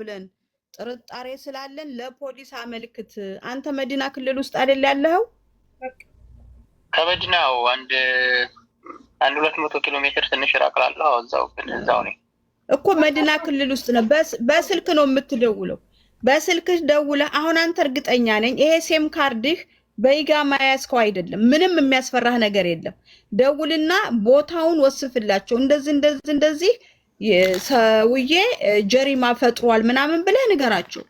ብለን ጥርጣሬ ስላለን ለፖሊስ አመልክት። አንተ መዲና ክልል ውስጥ አይደል ያለኸው? ከመዲናው አንድ አንድ ሁለት መቶ ኪሎ ሜትር ትንሽ እራቅላለሁ። እዛው ግን እዛው ነኝ እኮ መዲና ክልል ውስጥ ነው። በስልክ ነው የምትደውለው። በስልክ ደውለህ አሁን አንተ እርግጠኛ ነኝ ይሄ ሴም ካርድህ በይጋ ማያስከው አይደለም። ምንም የሚያስፈራህ ነገር የለም። ደውልና ቦታውን ወስፍላቸው እንደዚህ እንደዚህ እንደዚህ ሰውዬ ጀሪማ ፈጥሯል ምናምን ብለህ ንገራቸው።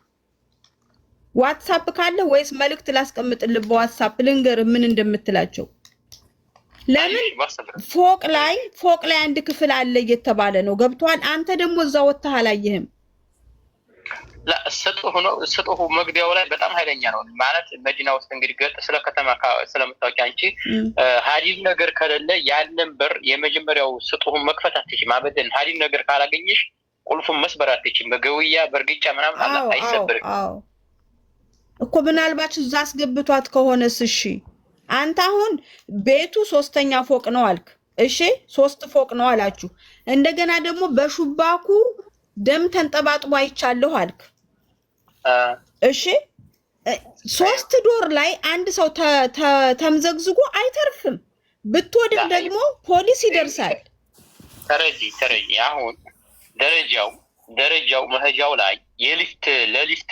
ዋትሳፕ ካለ ወይስ መልእክት ላስቀምጥልህ በዋትሳፕ ልንገር ምን እንደምትላቸው። ለምን ፎቅ ላይ ፎቅ ላይ አንድ ክፍል አለ እየተባለ ነው ገብቷል። አንተ ደግሞ እዛ ወጥተህ አላየህም። ስጡህ ነው ስጡህ መግቢያው ላይ በጣም ሀይለኛ ነው ማለት መዲና ውስጥ እንግዲህ ገጥ ስለ ከተማ ስለምታወቂ አንቺ ሀዲድ ነገር ከሌለ ያንን በር የመጀመሪያው ስጡህን መክፈት አትችም። አበደን ሀዲድ ነገር ካላገኘሽ ቁልፉን መስበር አትችም። መገውያ በእርግጫ ምናምን አይሰብርም እኮ ምናልባት እዛ አስገብቷት ከሆነስ እሺ። አንተ አሁን ቤቱ ሶስተኛ ፎቅ ነው አልክ። እሺ ሶስት ፎቅ ነው አላችሁ። እንደገና ደግሞ በሹባኩ ደም ተንጠባጥቦ አይቻለሁ አልክ። እሺ ሶስት ዶር ላይ አንድ ሰው ተምዘግዝጎ አይተርፍም። ብትወድቅ ደግሞ ፖሊስ ይደርሳል። ተረጂ ተረጂ አሁን ደረጃው ደረጃው መሄጃው ላይ የሊፍት ለሊፍት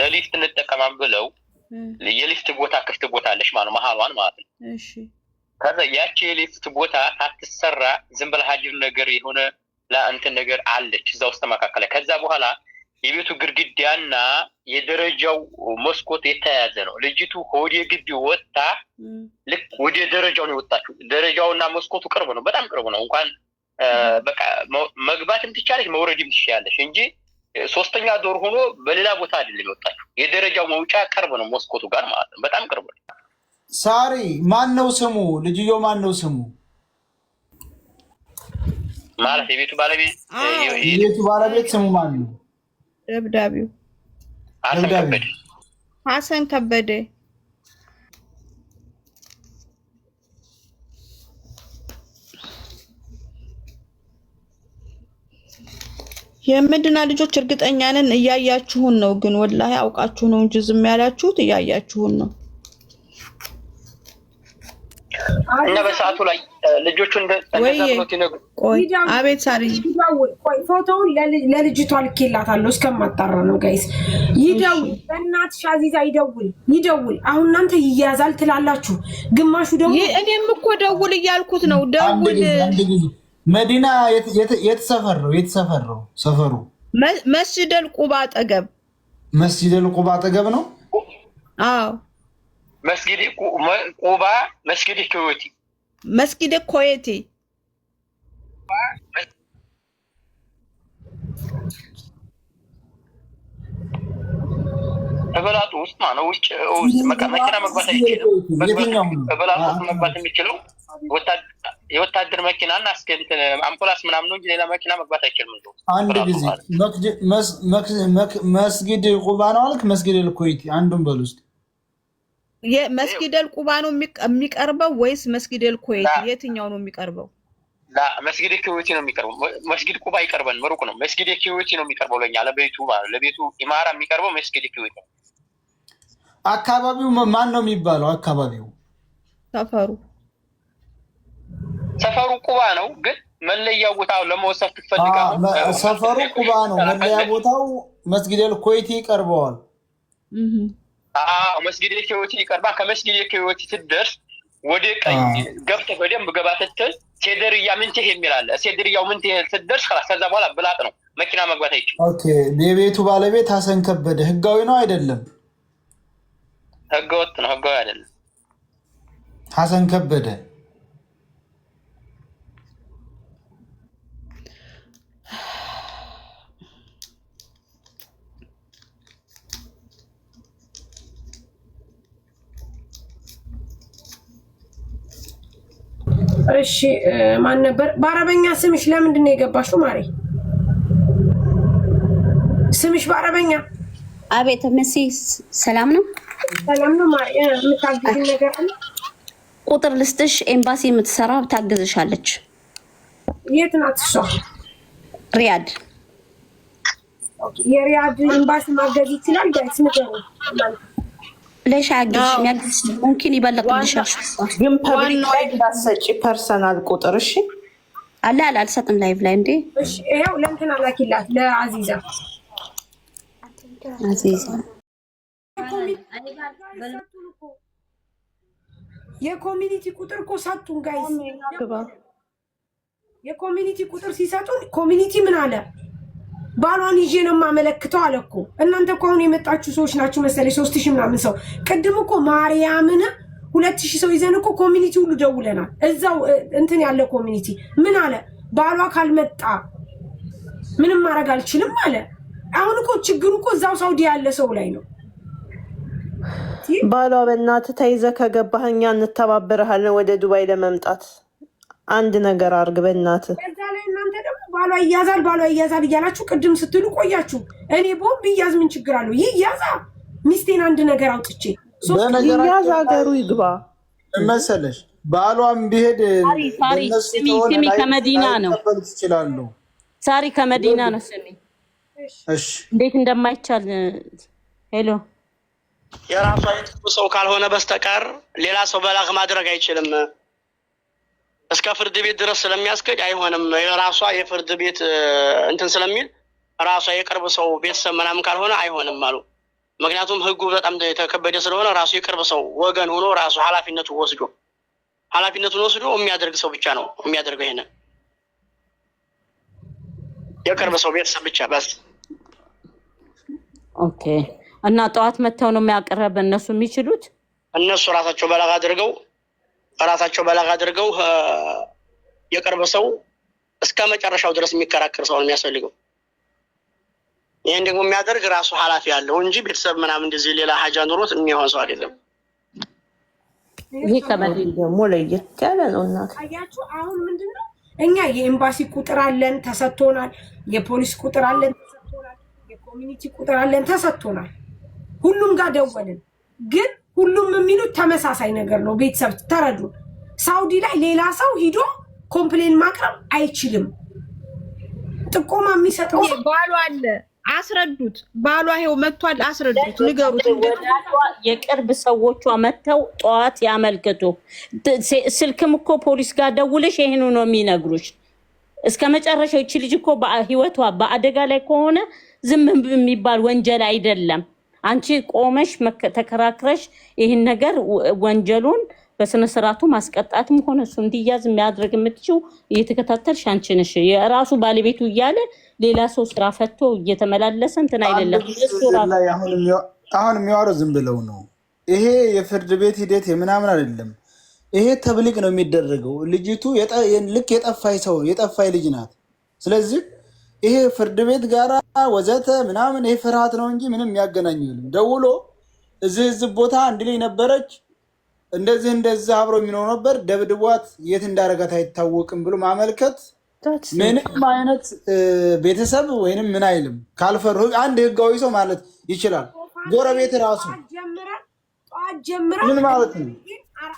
ለሊፍት እንጠቀማም ብለው የሊፍት ቦታ ክፍት ቦታ አለሽ ማለት መሀሏን ማለት ነው። ከዛ ያቺ የሊፍት ቦታ ታትሰራ ዝም ብላ ሀጅር ነገር የሆነ ለእንትን ነገር አለች እዛ ውስጥ ተመካከለ ከዛ በኋላ የቤቱ ግድግዳና የደረጃው መስኮት የተያያዘ ነው። ልጅቱ ከወደ ግቢ ወጥታ ልክ ወደ ደረጃው ነው የወጣችው። ደረጃውና መስኮቱ ቅርብ ነው፣ በጣም ቅርብ ነው። እንኳን በቃ መግባትም ትቻለች መውረድም ትችላለች እንጂ ሶስተኛ ዶር ሆኖ በሌላ ቦታ አይደለም የወጣችው። የደረጃው መውጫ ቅርብ ነው፣ መስኮቱ ጋር ማለት ነው። በጣም ቅርብ ነው። ሳሪ ማን ነው ስሙ? ልጅዮ ማን ነው ስሙ? ማለት የቤቱ ባለቤት የቤቱ ባለቤት ስሙ ማን ነው? ደብዳቤው ሀሰን ከበደ የምድና ልጆች እርግጠኛ ነን። እያያችሁን ነው ግን ወላሂ አውቃችሁ ነው እንጂ ዝም ያላችሁት እያያችሁን ነው። እና በሰዓቱ ላይ ልጆቹ አቤት ሳሪ ፎቶውን ለልጅቷ ልኬላታለሁ። እስከማጣራ ነው ጋይስ። ይደውል በእናትሽ አዚዛ ይደውል ይደውል። አሁን እናንተ ይያዛል ትላላችሁ፣ ግማሹ ደግሞ እኔም እኮ ደውል እያልኩት ነው። ደውል መዲና የተሰፈረው የተሰፈረው ሰፈሩ መስጅደል ቁባ አጠገብ መስጅደል ቁባ አጠገብ ነው። አዎ መስጊድ ቁባ መስጊድ ኮዌቲ መስጊድ ኮዌቲ እበላጡ ውስጥ ማነው ውጭ መኪና መግባት አይችልም። እበላጡ ውስጥ መግባት የሚችለው የወታደር መኪና እና አምቡላንስ ምናምን ነው እንጂ ሌላ መኪና መግባት አይችልም። አንድ ጊዜ መስጊድ ቁባ ነው አልክ፣ መስጊድ ልኮይቲ አንዱን በል ውስጥ የመስጊደል ቁባ ነው የሚቀርበው ወይስ መስጊደል ኩዌት? የትኛው ነው የሚቀርበው? መስጊድ ኩዌቲ ነው የሚቀርበው። መስጊድ ቁባ ይቀርበን ምሩቅ ነው። መስጊድ ኩዌቲ ነው የሚቀርበው ለኛ ለቤቱ ለቤቱ ኢማራ የሚቀርበው መስጊድ ኩዌት ነው። አካባቢው ማን ነው የሚባለው? አካባቢው ሰፈሩ ሰፈሩ ቁባ ነው ግን መለያ ቦታው ለመውሰፍ ትፈልጋል። ሰፈሩ ቁባ ነው፣ መለያ ቦታው መስጊድ ኩዌቲ ይቀርበዋል። አዎ መስጊድ ከወቲ ይቀርባ ከመስጊድ ከወቲ ትደርስ ወደ ቀኝ ገብተ በደንብ ገባ ስትል ሴደርያ ምንትህ የሚል አለ። ሴደርያው ምንትህ ስትደርስ ከዛ በኋላ ብላጥ ነው፣ መኪና መግባት አይችል ኦኬ። የቤቱ ባለቤት ሀሰን ከበደ ህጋዊ ነው አይደለም? ህገወጥ ነው፣ ህጋዊ አይደለም። ሀሰን ከበደ እሺ ማን ነበር? በአረበኛ ስምሽ ለምንድን ነው የገባሽው? ማሬ ስምሽ በአረበኛ። አቤት። መሲ ሰላም ነው? ሰላም ነው ማሬ። የምታግዝ ነገር አለ? ቁጥር ልስጥሽ። ኤምባሲ የምትሰራ ታግዝሻለች። የት ናት እሷ? ሪያድ። የሪያድ ኤምባሲ ማገዝ ይችላል ጋይስ ብለሽ አግዝሽ ሙምኪን ይበለጥልሻል። ግን ፐብሊክ ላይ እንዳትሰጪ ፐርሰናል ቁጥር እሺ። አለ አለ አልሰጥም። ላይቭ ላይ እንዴ ይኸው ለእንትን አላኪላት ለአዚዛ አዚዛ የኮሚኒቲ ቁጥር እኮ ሰጡን ጋይስ። የኮሚኒቲ ቁጥር ሲሰጡን ኮሚኒቲ ምን አለ ባሏን ይዤ ነው የማመለክተው አለ እኮ። እናንተ እኮ አሁን የመጣችሁ ሰዎች ናችሁ መሰለኝ ሶስት ሺ ምናምን ሰው ቅድም እኮ ማርያምን ሁለት ሺ ሰው ይዘን እኮ ኮሚኒቲ ሁሉ ደውለናል። እዛው እንትን ያለ ኮሚኒቲ ምን አለ ባሏ ካልመጣ ምንም ማድረግ አልችልም አለ። አሁን እኮ ችግሩ እኮ እዛው ሳውዲ ያለ ሰው ላይ ነው። ባሏ በእናት ተይዘ ከገባህ እኛ እንተባበረሃለን ወደ ዱባይ ለመምጣት አንድ ነገር አርግ በእናት ባሏ ይያዛል፣ ባሏ ይያዛል እያላችሁ ቅድም ስትሉ ቆያችሁ። እኔ ቦምብ ይያዝ ምን ችግር አለው? ይህ ያዛ ሚስቴን አንድ ነገር አውጥቼ ይያዝ ሀገሩ ይግባ መሰለሽ። ባሏም ቢሄድ ስሚ ከመዲና ነው ይችላሉ። ሳሪ ከመዲና ነው። ስሚ እንዴት እንደማይቻል ሄሎ የራሷ ሰው ካልሆነ በስተቀር ሌላ ሰው በላክ ማድረግ አይችልም። እስከ ፍርድ ቤት ድረስ ስለሚያስገድ አይሆንም። የራሷ የፍርድ ቤት እንትን ስለሚል ራሷ የቅርብ ሰው ቤተሰብ ምናምን ካልሆነ አይሆንም አሉ። ምክንያቱም ህጉ በጣም የተከበደ ስለሆነ ራሱ የቅርብ ሰው ወገን ሆኖ ራሱ ኃላፊነቱ ወስዶ ኃላፊነቱን ወስዶ የሚያደርግ ሰው ብቻ ነው የሚያደርገው። ይሄንን የቅርብ ሰው ቤተሰብ ብቻ በስ ኦኬ። እና ጠዋት መጥተው ነው የሚያቀረብ እነሱ የሚችሉት እነሱ ራሳቸው በላግ አድርገው ራሳቸው በላግ አድርገው የቅርብ ሰው እስከ መጨረሻው ድረስ የሚከራከር ሰው ነው የሚያስፈልገው። ይህን ደግሞ የሚያደርግ ራሱ ኃላፊ ያለው እንጂ ቤተሰብ ምናምን እንደዚህ ሌላ ሀጃ ኑሮት የሚሆን ሰው አይደለም። ይሄ ከመድ ደግሞ ለየት ያለ ነው። እና አያችሁ አሁን ምንድን ነው እኛ የኤምባሲ ቁጥር አለን ተሰጥቶናል፣ የፖሊስ ቁጥር አለን ተሰጥቶናል፣ የኮሚኒቲ ቁጥር አለን ተሰጥቶናል። ሁሉም ጋር ደወልን ግን ሁሉም የሚሉት ተመሳሳይ ነገር ነው። ቤተሰብ ተረዱ። ሳውዲ ላይ ሌላ ሰው ሂዶ ኮምፕሌን ማቅረብ አይችልም። ጥቆማ የሚሰጠው ባሉ አለ። አስረዱት። ባሏ ይኸው መጥቷል። አስረዱት፣ ንገሩት። የቅርብ ሰዎቿ መጥተው ጠዋት ያመልክቱ። ስልክም እኮ ፖሊስ ጋር ደውለሽ ይህኑ ነው የሚነግሩሽ። እስከ መጨረሻው ይቺ ልጅ እኮ ህይወቷ በአደጋ ላይ ከሆነ ዝም የሚባል ወንጀል አይደለም። አንቺ ቆመሽ ተከራክረሽ ይህን ነገር ወንጀሉን በስነ ስርዓቱ ማስቀጣትም ሆነ እሱ እንዲያዝ የሚያድረግ የምትችው እየተከታተልሽ አንቺ ነሽ። የራሱ ባለቤቱ እያለ ሌላ ሰው ስራ ፈቶ እየተመላለሰ እንትን አይደለም። አሁን የሚዋረው ዝም ብለው ነው። ይሄ የፍርድ ቤት ሂደት የምናምን አይደለም። ይሄ ተብሊቅ ነው የሚደረገው። ልጅቱ ልክ የጠፋይ ሰው የጠፋይ ልጅ ናት። ስለዚህ ይሄ ፍርድ ቤት ጋራ ወዘተ ምናምን ይሄ ፍርሃት ነው እንጂ ምንም የሚያገናኙ የለም። ደውሎ እዚህ እዚህ ቦታ አንድ ላይ ነበረች እንደዚህ እንደዚህ አብሮ የሚኖር ነበር፣ ደብድቧት የት እንዳደረጋት አይታወቅም ብሎ ማመልከት ምንም አይነት ቤተሰብ ወይንም ምን አይልም። ካልፈሩ አንድ ህጋዊ ሰው ማለት ይችላል። ጎረቤት ራሱ ምን ማለት ነው?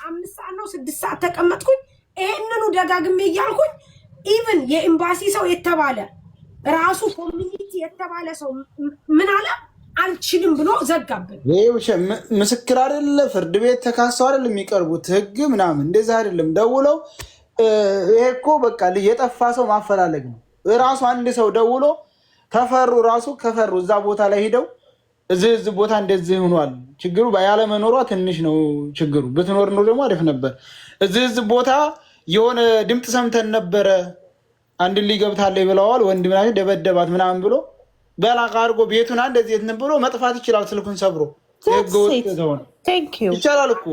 አምስት ሰዓት ነው ስድስት ሰዓት ተቀመጥኩኝ፣ ይህንኑ ደጋግሜ እያልኩኝ ኢቨን የኤምባሲ ሰው የተባለ ራሱ ኮሚኒቲ የተባለ ሰው ምን አለ አልችልም ብሎ ዘጋብን። ይህ ምስክር አይደለ፣ ፍርድ ቤት ተካሰው አይደለም የሚቀርቡት ህግ ምናምን እንደዚህ አይደለም። ደውለው ይሄ እኮ በቃ የጠፋ ሰው ማፈላለግ ነው። ራሱ አንድ ሰው ደውሎ ከፈሩ ራሱ ከፈሩ እዛ ቦታ ላይ ሂደው እዚህ እዚህ ቦታ እንደዚህ ሆኗል ችግሩ ያለመኖሯ ትንሽ ነው ችግሩ። ብትኖር ነው ደግሞ አሪፍ ነበር። እዚህ እዚህ ቦታ የሆነ ድምፅ ሰምተን ነበረ አንድ ልጅ ገብታለች ብለዋል። ወንድ ምናምን ደበደባት ምናምን ብሎ በላቃ አድርጎ ቤቱን እንደዚህ ብሎ መጥፋት ይችላል። ስልኩን ሰብሮ ይቻላል እኮ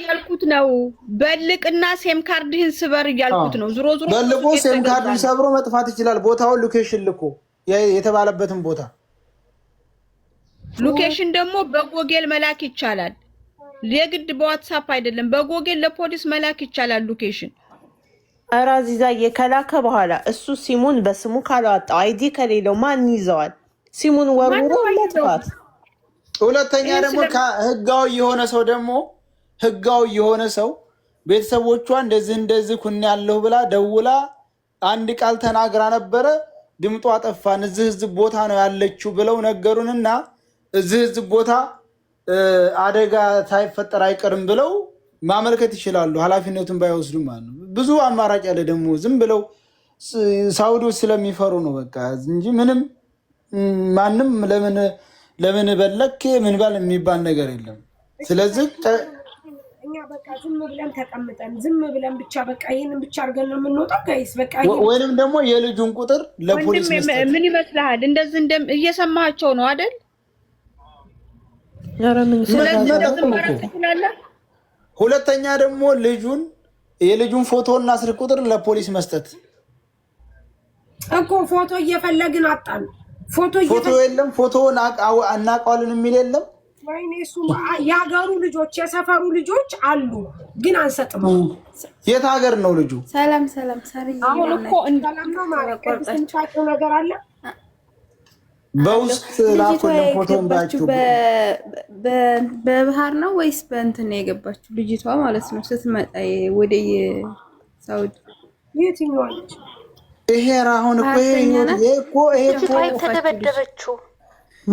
እያልኩት ነው። በልቅና ሴም ካርድህን ስበር እያልኩት ነው። ዝሮ ዝሮ በልቆ ሴም ካርድህን ሰብሮ መጥፋት ይችላል። ቦታውን ሎኬሽን ልኮ የተባለበትን ቦታ ሎኬሽን ደግሞ በጎጌል መላክ ይቻላል። የግድ በዋትሳፕ አይደለም፣ በጎጌል ለፖሊስ መላክ ይቻላል ሎኬሽን እረ አዚዛዬ በኋላ እሱ ሲሙን በስሙ ካላወጣው አይዲ ከሌለው ማን ይዘዋል? ሲሙን ወርውሮ ለጥፋት። ሁለተኛ ደግሞ ህጋዊ የሆነ ሰው ደግሞ ህጋዊ የሆነ ሰው ቤተሰቦቿ እንደዚህ እንደዚህ ኩን ያለሁ ብላ ደውላ አንድ ቃል ተናግራ ነበረ። ድምጧ ጠፋን። እዚህ እዚህ ቦታ ነው ያለችው ብለው ነገሩንና እዚህ እዚህ ቦታ አደጋ ሳይፈጠር አይቀርም ብለው ማመልከት ይችላሉ፣ ኃላፊነቱን ባይወስዱ ማለት ነው። ብዙ አማራጭ ያለ ደግሞ ዝም ብለው ሳውዲዎች ስለሚፈሩ ነው በቃ እንጂ ምንም ማንም ለምን በለክ ምን ባል የሚባል ነገር የለም። ስለዚህ እኛ በቃ ዝም ብለን ተቀምጠን ዝም ብለን ብቻ በቃ ይህንን ብቻ አድርገን ነው የምንወጣው በቃ ወይንም ደግሞ የልጁን ቁጥር ለፖሊስ ምን ይመስልሃል? እንደዚህ እንደ ነው አደል? ስለዚህ ትችላለህ ሁለተኛ ደግሞ ልጁን የልጁን ፎቶ እና ስልክ ቁጥር ለፖሊስ መስጠት እኮ ፎቶ እየፈለግን አጣን። ፎቶ ፎቶ የለም ፎቶ እናውቀዋለን የሚል የለም። ወይኔ እሱ የሀገሩ ልጆች የሰፈሩ ልጆች አሉ፣ ግን አንሰጥም። የት ሀገር ነው ልጁ? ሰላም ሰላም። ሰሪ አሁን እኮ እንዳላምነው ነው። ስንቻቸው ነገር አለ በውስጥ ላኩልን ፎቶ እንዳችሁ። በባህር ነው ወይስ በእንትን ነው የገባችሁ ልጅቷ ማለት ነው? ስትመጣ ወደ ሳውዲ ይሄ አሁን እኮ እኮ ይሄ ተደበደበችው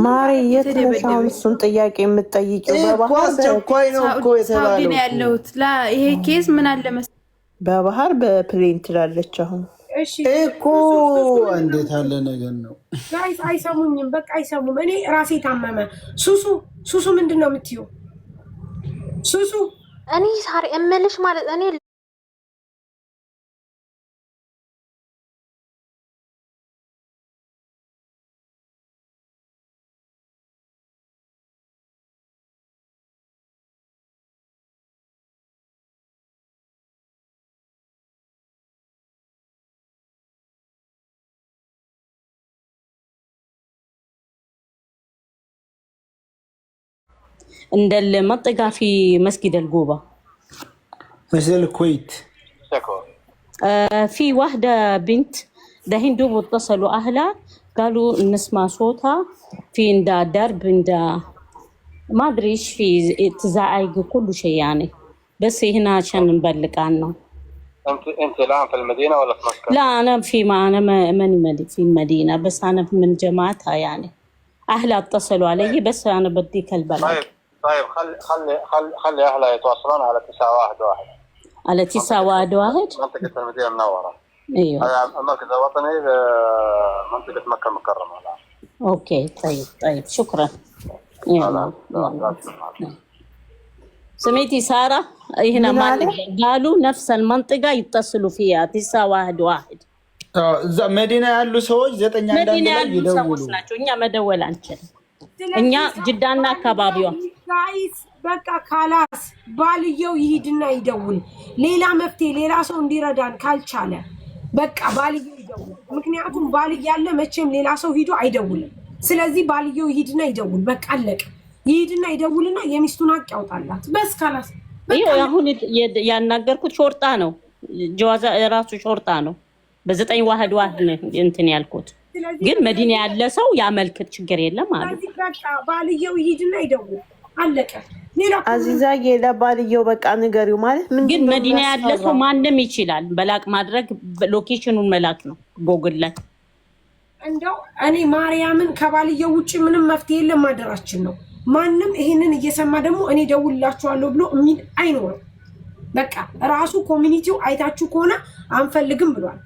ማሪ የት ነሽ? አሁን እሱን ጥያቄ የምትጠይቂው አስቸኳይ ነው እኮ የተባለው ያለሁት ይሄ ኬዝ ምን አለ መሰለኝ በባህር በፕሌን ትላለች አሁን እኮ እንዴት ያለ ነገር ነው ጋይስ! አይሰሙኝም፣ በቃ አይሰሙም። እኔ ራሴ ታመመ። ሱሱ ሱሱ፣ ምንድን ነው የምትይው? ሱሱ እኔ ሳሪ እምልሽ ማለት እኔ عند المنطقة في مسجد القوبة مسجد الكويت آه في واحدة بنت دهين دوب اتصلوا أهلها قالوا نسمع صوتها في عند درب عند ما أدري إيش في تزعق كل شيء يعني بس هنا عشان نبلغ عنه انت انت الان في المدينه ولا في مكه؟ لا انا في ما انا ماني في المدينه بس انا من جماعتها يعني اهلها اتصلوا علي بس انا بديك البلد طيب طيب خلي خلي خلي خلي اهلها يتواصلون على 911 على 911 منطقة المدينة المنورة ايوه هذا المركز الوطني لمنطقة آه، مكة المكرمة الان اوكي طيب طيب شكرا سميتي سمعتي سارة هنا ما قالوا نفس المنطقة يتصلوا فيها تسعة واحد واحد آه، مدينة ያሉ ሰዎች ዘጠኛ مدينة ያሉ ሰዎች ናቸው። እኛ መደወል አንችልም። እኛ ጅዳና አካባቢዋ ጋይስ በቃ ካላስ ባልየው ይሂድና ይደውል። ሌላ መፍትሄ ሌላ ሰው እንዲረዳን ካልቻለ በቃ ባልየው ይደውል። ምክንያቱም ባል ያለ መቼም ሌላ ሰው ሂዶ አይደውልም። ስለዚህ ባልየው ይሂድና ይደውል። በቃ አለቀ። ይሂድና ይደውልና የሚስቱን ሀቅ ያውጣላት። በስ ካላስ አሁን ያናገርኩት ሾርጣ ነው። ጀዋዛ ራሱ ሾርጣ ነው። በዘጠኝ ዋህድ ዋህድ እንትን ያልኩት ግን መዲና ያለ ሰው ያመልክት፣ ችግር የለም አሉ። ባልየው ይሂድና ይደውል፣ አለቀ። አዚዛዬ ለባልየው በቃ ንገሪው ማለት ምን። ግን መዲና ያለ ሰው ማንም ይችላል። በላቅ ማድረግ ሎኬሽኑን መላክ ነው ጎግል ላይ። እንደው እኔ ማርያምን ከባልየው ውጭ ምንም መፍትሄ የለም። ማደራችን ነው። ማንም ይሄንን እየሰማ ደግሞ እኔ ደውላችኋለሁ ብሎ የሚል አይኖርም። በቃ ራሱ ኮሚኒቲው አይታችሁ ከሆነ አንፈልግም ብሏል።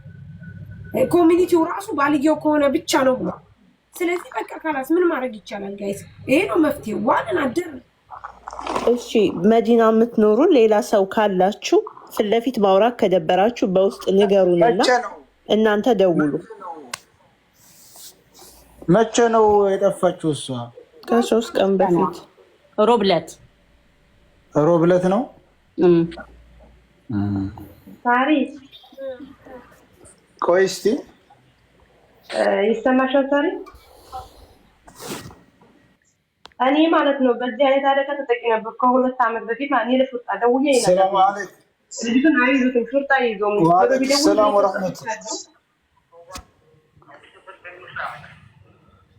ኮሚኒቲው ራሱ ባልየው ከሆነ ብቻ ነው ብሏል። ስለዚህ በቃ ካላስ ምን ማድረግ ይቻላል? ጋይስ ይሄ ነው መፍትሄ። ዋንን አደር እሺ፣ መዲና የምትኖሩ ሌላ ሰው ካላችሁ ፊት ለፊት ማውራት ከደበራችሁ በውስጥ ንገሩንና እናንተ ደውሉ። መቼ ነው የጠፋችሁ? እሷ ከሶስት ቀን በፊት ሮብለት ሮብለት ነው كويستي يسمع شو صار أنا ما عرفت إنه بدي أنا تعرف كنت تكينا بكو ولا سامر بدي ما أني لفت أدوية السلام عليكم اللي بيكون السلام ورحمة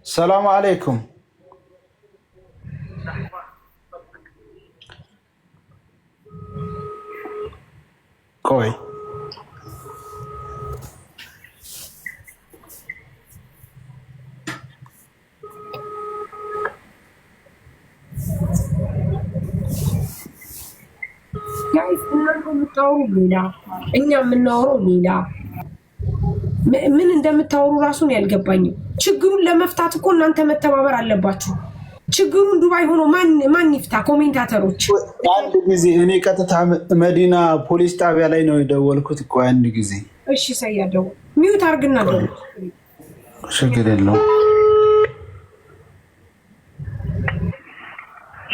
السلام عليكم كوي ጋይስ እናንተ የምታወሩ ሌላ፣ እኛ የምናወረው ሌላ። ምን እንደምታወሩ ራሱን ያልገባኝም። ችግሩን ለመፍታት እኮ እናንተ መተባበር አለባችሁ። ችግሩን ዱባይ ሆኖ ማን ይፍታ? ኮሜንታተሮች አንድ ጊዜ እኔ ቀጥታ መዲና ፖሊስ ጣቢያ ላይ ነው የደወልኩት እኮ አንድ ጊዜ። እሺ ሰያደው ሚዩት አርግና ደ ችግር የለው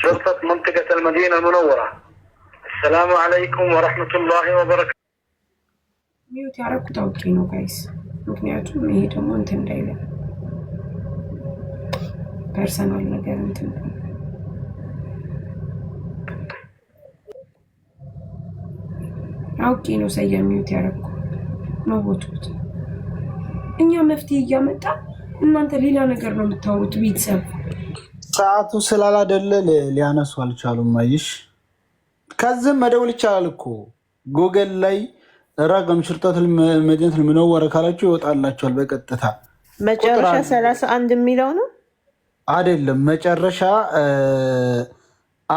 شرطة منطقة المدينة المنورة ሰላሙ አለይኩም ወረህመቱላሂ ወበረካቱ። ሚዩት ያረኩት አውቄ ነው ጋይስ፣ ምክንያቱም ይሄ ደግሞ እንትን እንዳይለ ፐርሰናል ነገር እንትን አውቄ ነው ሰያ ሚዩት ያረኩ መቦትኩት። እኛ መፍትሄ እያመጣ እናንተ ሌላ ነገር ነው የምታወሩት ቤተሰብ። ሰዓቱ ስላላደለ ሊያነሱ አልቻሉም። አይሽ ከዚህም መደውል ይቻላል እኮ ጎገል ላይ ራቀም ሽርጠት መድነት ልምነወረ ካላችሁ ይወጣላችኋል። በቀጥታ መጨረሻ ሰላሳ አንድ የሚለው ነው አይደለም? መጨረሻ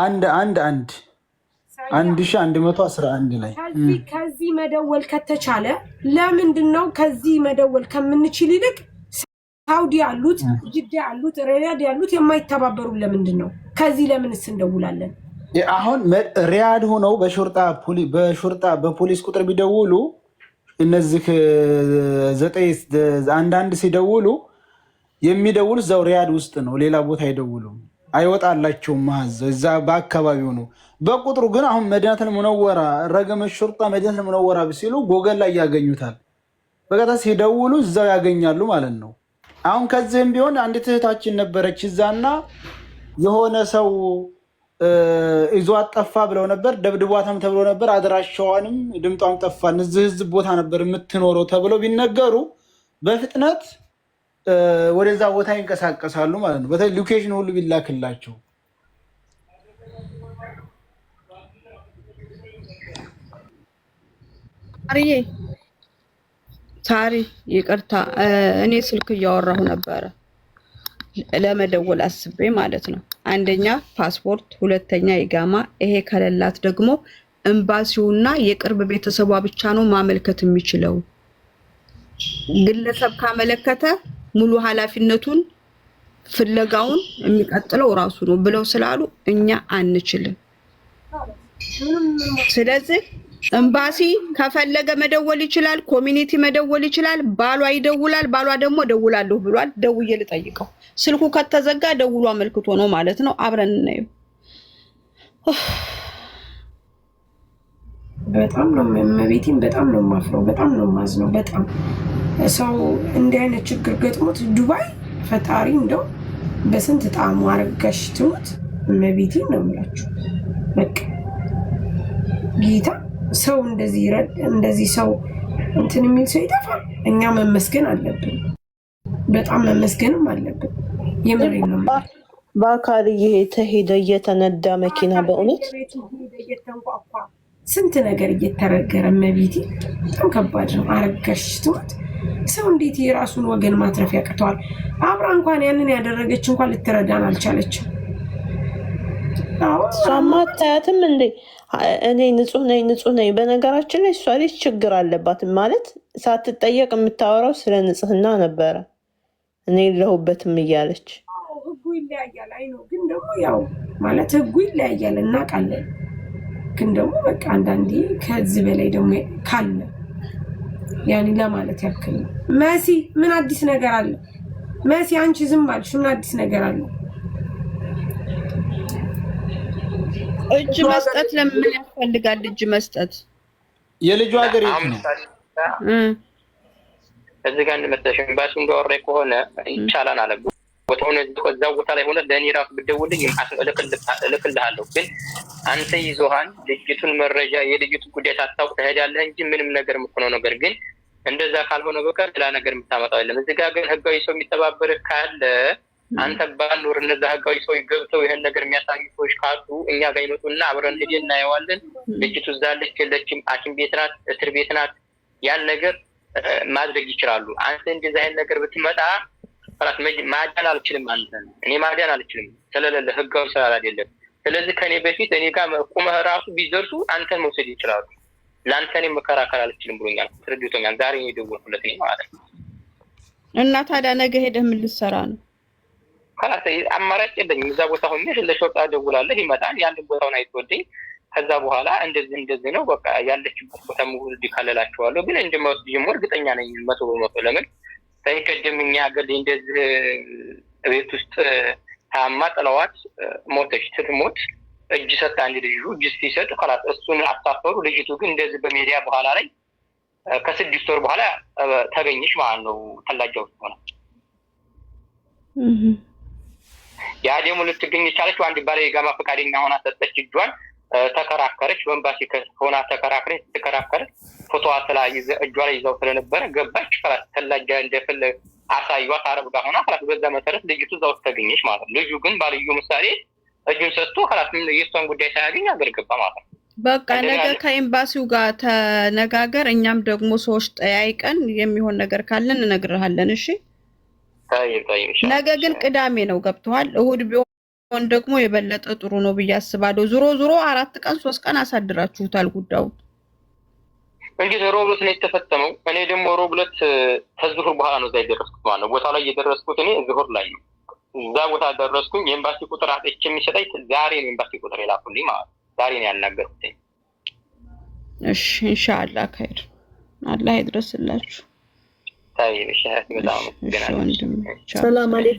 አንድ አንድ አንድ አንድ ሺ አንድ መቶ አስራ አንድ ላይ ከዚህ መደወል ከተቻለ ለምንድን ነው ከዚህ መደወል ከምንችል ይልቅ ሳውዲ ያሉት ጅዳ ያሉት ሪያድ ያሉት የማይተባበሩ ለምንድን ነው? ከዚህ ለምንስ እንደውላለን? አሁን ሪያድ ሆነው በሹርጣ በፖሊስ ቁጥር ቢደውሉ እነዚህ ዘጠኝ አንዳንድ ሲደውሉ የሚደውሉ እዛው ሪያድ ውስጥ ነው፣ ሌላ ቦታ አይደውሉም። አይወጣላቸውም ማዘው እዛ በአካባቢው ነው። በቁጥሩ ግን አሁን መዲናተል ሙነወራ ረገመት ሹርጣ መዲናተል ሙነወራ ሲሉ ጎገል ላይ ያገኙታል። በቀጣ ሲደውሉ እዛው ያገኛሉ ማለት ነው። አሁን ከዚህም ቢሆን አንዲት እህታችን ነበረች እዛና የሆነ ሰው ይዟት ጠፋ ብለው ነበር። ደብድቧትም ተብሎ ነበር። አድራሻዋንም ድምጧም ጠፋ። እዚህ ህዝብ ቦታ ነበር የምትኖረው ተብለው ቢነገሩ በፍጥነት ወደዛ ቦታ ይንቀሳቀሳሉ ማለት ነው። በተለይ ሎኬሽን ሁሉ ቢላክላቸው ሳሪ፣ ይቅርታ እኔ ስልክ እያወራሁ ነበረ። ለመደወል አስቤ ማለት ነው። አንደኛ ፓስፖርት፣ ሁለተኛ የጋማ ይሄ ከሌላት ደግሞ ኤምባሲውና የቅርብ ቤተሰቧ ብቻ ነው ማመልከት የሚችለው። ግለሰብ ካመለከተ ሙሉ ኃላፊነቱን ፍለጋውን የሚቀጥለው ራሱ ነው ብለው ስላሉ እኛ አንችልም። ስለዚህ ኤምባሲ ከፈለገ መደወል ይችላል። ኮሚኒቲ መደወል ይችላል። ባሏ ይደውላል። ባሏ ደግሞ ደውላለሁ ብሏል። ደውዬ ልጠይቀው። ስልኩ ከተዘጋ ደውሎ አመልክቶ ነው ማለት ነው። አብረን እናየው። በጣም ነው መቤቴን፣ በጣም ነው ማፍረው፣ በጣም ነው ማዝነው። በጣም ሰው እንዲህ አይነት ችግር ገጥሞት ዱባይ፣ ፈጣሪ እንደው በስንት ጣሙ አረጋሽ ትሙት መቤቴን ነው የምላችሁ በቃ ጌታ ሰው እንደዚህ እንደዚህ ሰው እንትን የሚል ሰው ይጠፋል። እኛ መመስገን አለብን፣ በጣም መመስገንም አለብን። የምሬ ነው። በአካል እየተሄደ እየተነዳ መኪና በእውነት ስንት ነገር እየተረገረ መቤቴ በጣም ከባድ ነው። አረጋሽ ትሞት ሰው እንዴት የራሱን ወገን ማትረፍ ያቅተዋል? አብራ እንኳን ያንን ያደረገች እንኳን ልትረዳን አልቻለችም። እሷማ አታያትም እንዴ? እኔ ንጹህ ነኝ ንጹህ ነኝ። በነገራችን ላይ እሷ ልጅ ችግር አለባት ማለት ሳትጠየቅ የምታወራው ስለ ንጽህና ነበረ። እኔ የለሁበትም እያለች ህጉ ይለያያል። አይ ነው ግን ደግሞ ያው ማለት ህጉ ይለያያል እናውቃለን። ግን ደግሞ በቃ አንዳንዴ ከዚህ በላይ ደግሞ ካለ ያኔ ለማለት ያክል ነው። መሲ ምን አዲስ ነገር አለ? መሲ አንቺ ዝም አልሽ፣ ምን አዲስ ነገር አለ? እጅ መስጠት ለምን ያስፈልጋል? እጅ መስጠት የልጁ ሀገር የት ነው? እዚህ ጋር እንደመሰለሽ ኤምባሲው እንዳወራ ከሆነ ይቻላል አለ። ቦታውን እዛ ቦታ ላይ ሆነ ለእኔ ራሱ ብደውልኝ እልክልሃለሁ፣ ግን አንተ ይዞሃን ልጅቱን መረጃ የልጅቱን ጉዳይ ሳታውቅ ትሄዳለህ እንጂ ምንም ነገር የምትሆነው ነገር ግን እንደዛ ካልሆነ በቀር ሌላ ነገር የምታመጣው የለም። እዚህ ጋር ግን ህጋዊ ሰው የሚተባበር ካለ አንተ ባኖር እነዛ ህጋዊ ሰዎች ገብተው ይህን ነገር የሚያሳዩ ሰዎች ካሉ እኛ ጋር ይመጡና አብረን ሄደ እናየዋለን። ልጅቱ እዛለች የለችም፣ ሐኪም ቤት ናት፣ እስር ቤት ናት፣ ያን ነገር ማድረግ ይችላሉ። አንተ እንደዛ ይህን ነገር ብትመጣ ራስ ማዳን አልችልም አንተ እኔ ማዳን አልችልም ስለሌለ ህጋዊ ስላል አይደለም። ስለዚህ ከእኔ በፊት እኔ ጋር ቁመህ ራሱ ቢዘርሱ አንተን መውሰድ ይችላሉ። ለአንተ እኔ መከራከር አልችልም ብሎኛል፣ አስረድቶኛል። ዛሬ የደወልኩለት ማለት ነው። እና ታዲያ ነገ ሄደህ ምን ልትሰራ ነው? ካላ አማራጭ የለኝም። እዛ ቦታ ሆኜ ለሾጣ ደውላለህ ይመጣል። ያንድ ቦታውን አይትወደኝ። ከዛ በኋላ እንደዚህ እንደዚህ ነው በቃ ያለችበት ቦታ ሙሉ ካለላቸዋለሁ። ግን እንደሚወስድ ደግሞ እርግጠኛ ነኝ መቶ በመቶ። ለምን ሳይቀድም እኛ ሀገር እንደዚህ ቤት ውስጥ ታማ ጥለዋት ሞተች። ትትሞት እጅ ሰጥ አንድ ልጅ እጅ ሲሰጥ ከላት እሱን አሳፈሩ። ልጅቱ ግን እንደዚህ በሜዲያ በኋላ ላይ ከስድስት ወር በኋላ ተገኘች ማለት ነው። ተላጃ ውስጥ ሆነ የአደሙ ልትገኝ የቻለችው አንድ ባለ ባለይጋማ ፈቃደኛ ሆና ሰጠች እጇን ተከራከረች። በእምባሲ ሆና ተከራከረ ተከራከረ ፎቶ ስላ እጇ ላይ ይዘው ስለነበረ ገባች። ከላስ ተላጃ እንደፍል አሳዩት አረብ ጋር ሆና ከላስ በዛ መሰረት ልጅቱ እዛ ውስጥ ተገኘች ማለት ነው። ልጁ ግን ባልዩ ምሳሌ እጁን ሰጥቶ ከላስ የእሷን ጉዳይ ሳያገኝ አገር ገባ ማለት ነው። በቃ ነገ ከኤምባሲው ጋር ተነጋገር። እኛም ደግሞ ሰዎች ጠያይቀን የሚሆን ነገር ካለን እነግርሃለን። እሺ ነገ ግን ቅዳሜ ነው። ገብተዋል። እሁድ ቢሆን ደግሞ የበለጠ ጥሩ ነው ብዬ አስባለሁ። ዞሮ ዞሮ አራት ቀን ሶስት ቀን አሳድራችሁታል ጉዳዩ እንግዲህ ሮብለት ነው የተፈተመው። እኔ ደግሞ ሮብለት ከዝሁር በኋላ ነው እዛ የደረስኩት ማለት ነው። ቦታ ላይ የደረስኩት እኔ ዝሁር ላይ ነው። እዛ ቦታ ደረስኩኝ። የኤምባሲ ቁጥር አጤች የሚሰጠኝ ዛሬ ነው። ኤምባሲ ቁጥር የላኩልኝ ማለት ነው። ዛሬ ነው ያናገርኩትኝ። እሺ፣ ኢንሻአላህ ከይር አላህ ይድረስላችሁ። ታዬ በጣም ሰላም አሌ